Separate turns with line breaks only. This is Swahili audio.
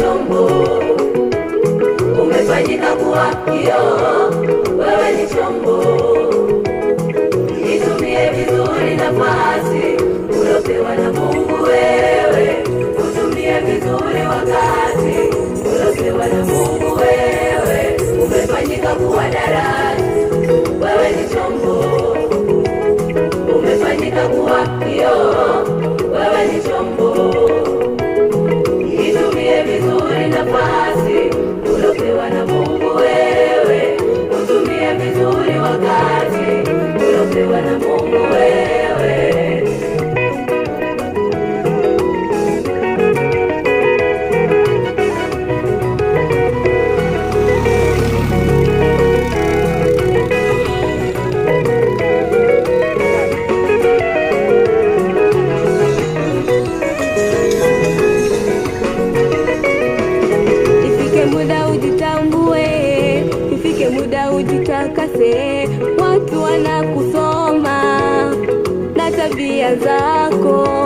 chombo, umefanyika kuwa kioo, wewe ni chombo
muda ujitambue, ifike muda ujitakase. Watu wanakusoma na tabia zako.